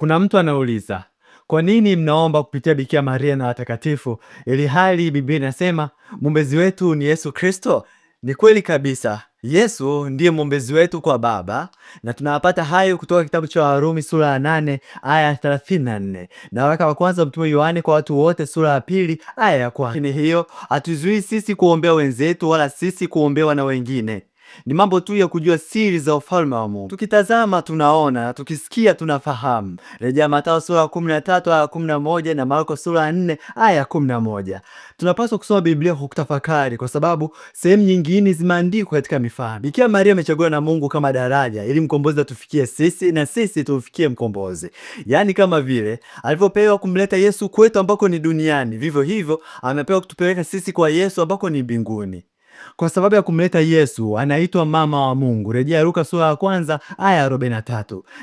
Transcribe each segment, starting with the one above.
Kuna mtu anauliza, kwa nini mnaomba kupitia Bikira Maria na watakatifu ili hali Biblia inasema mwombezi wetu ni Yesu Kristo? Ni kweli kabisa, Yesu ndiye mwombezi wetu kwa Baba, na tunapata hayo kutoka kitabu cha Warumi sura ya 8 aya ya 34 na waraka wa kwanza Mtume Yohane kwa watu wote sura ya pili aya ya kwanza. Hiyo hatuzuii sisi kuombea wenzetu wala sisi kuombewa na wengine. Ni mambo tu ya kujua siri za ufalme wa Mungu. Tukitazama tunaona, tukisikia tunafahamu. Rejea Mathayo sura ya 13 aya 11 na Marko sura ya 4 aya 11. Tunapaswa kusoma Biblia kwa kutafakari, kwa sababu sehemu nyingine zimeandikwa katika mifano. Bikira Maria amechaguliwa na Mungu kama daraja ili mkombozi atufikie sisi na sisi tufikie mkombozi, yaani kama vile alivyopewa kumleta Yesu kwetu ambako ni duniani, vivyo hivyo amepewa kutupeleka sisi kwa Yesu ambako ni mbinguni. Kwa sababu ya kumleta Yesu anaitwa mama wa Mungu, rejea Luka sura ya kwanza aya arobaini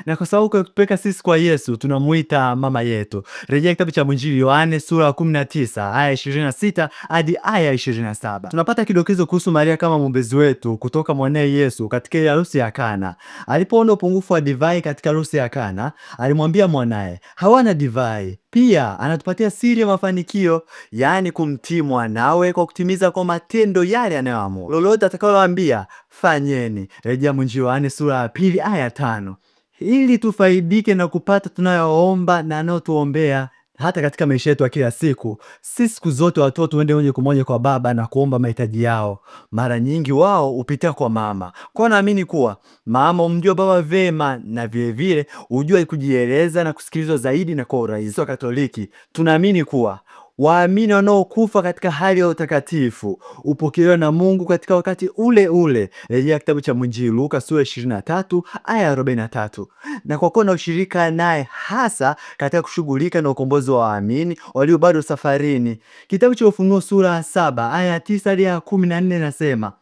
Na kwa sababu kutupeleka sisi kwa Yesu tunamuita mama yetu, rejea kitabu cha mwinjili Yohane sura ya tisa aya 26 hadi aya 27. Tunapata kidokezo kuhusu Maria kama mwombezi wetu kutoka mwanaye Yesu katika ile harusi ya Kana. Alipoona upungufu wa divai katika harusi ya Kana, alimwambia mwanaye hawana divai. Pia anatupatia siri ya mafanikio, yaani kumtii mwanawe kwa kutimiza kwa matendo yale anayoamua Lolote atakaloambia fanyeni, rejea Mwinjili Yohane sura ya pili aya tano, ili tufaidike na kupata tunayoomba na anayotuombea hata katika maisha yetu ya kila siku. Si siku zote watoto huende moja kwa moja kwa baba na kuomba mahitaji yao, mara nyingi wao hupitia kwa mama. Kwao naamini kuwa mama umjua baba vema na vilevile hujua kujieleza na kusikilizwa zaidi na kwa urahisi. wa katoliki tunaamini kuwa Waamini wanaokufa katika hali ya utakatifu upokelewa na Mungu katika wakati ule ule, rejea kitabu cha mwinjili Luka sura 23 aya 43, na kwa kuwa na ushirika naye hasa katika kushughulika na ukombozi wa waamini walio bado safarini. Kitabu cha Ufunuo sura ya 7 aya 9 hadi ya 14 nasema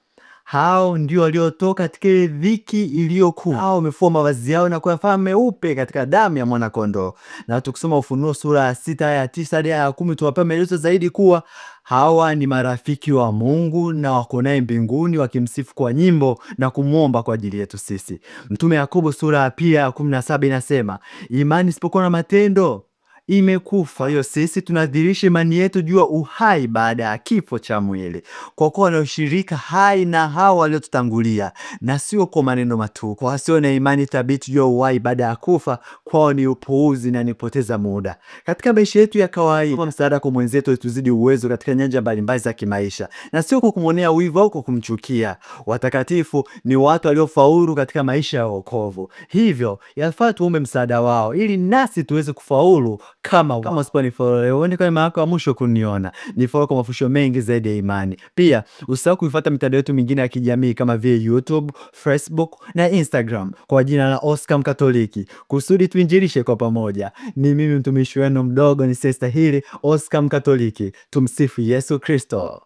hao ndio waliotoka katika ile dhiki iliyokuwa, hao wamefua mavazi yao na kuyafanya meupe katika damu ya mwanakondoo. Na tukisoma Ufunuo sura ya sita aya ya tisa hadi aya ya kumi tunapewa maelezo zaidi kuwa hawa ni marafiki wa Mungu na wako naye mbinguni wakimsifu kwa nyimbo na kumwomba kwa ajili yetu sisi. Mtume Yakobo sura ya pili aya ya kumi na saba inasema imani isipokuwa na matendo imekufa hiyo. Sisi tunadhihirisha imani yetu juu ya uhai baada ya kifo cha mwili, kwa kuwa na ushirika hai na hao waliotutangulia, na sio kwa maneno matu. Kwa wasio na imani thabiti juu ya uhai baada ya kufa, kwao ni upuuzi na nipoteza muda. Katika maisha yetu ya kawaida, msaada kwa mwenzetu tuzidi uwezo katika nyanja mbalimbali za kimaisha, na sio kwa kumwonea wivu au kwa kumchukia. Watakatifu ni watu waliofaulu katika maisha ya wokovu, hivyo yafaa tuombe msaada wao ili nasi tuweze kufaulu kama kama Spotify. Uende kwenye mara ya mwisho kuniona. Ni follow kwa mafusho mengi zaidi ya imani. Pia usisahau kuifuata mitandao yetu mingine ya kijamii kama vile YouTube, Facebook na Instagram kwa jina la Oscar Mkatoliki kusudi tuinjilishe kwa pamoja. Ni mimi mtumishi wenu mdogo nisiyestahili Oscar Mkatoliki. Tumsifu Yesu Kristo.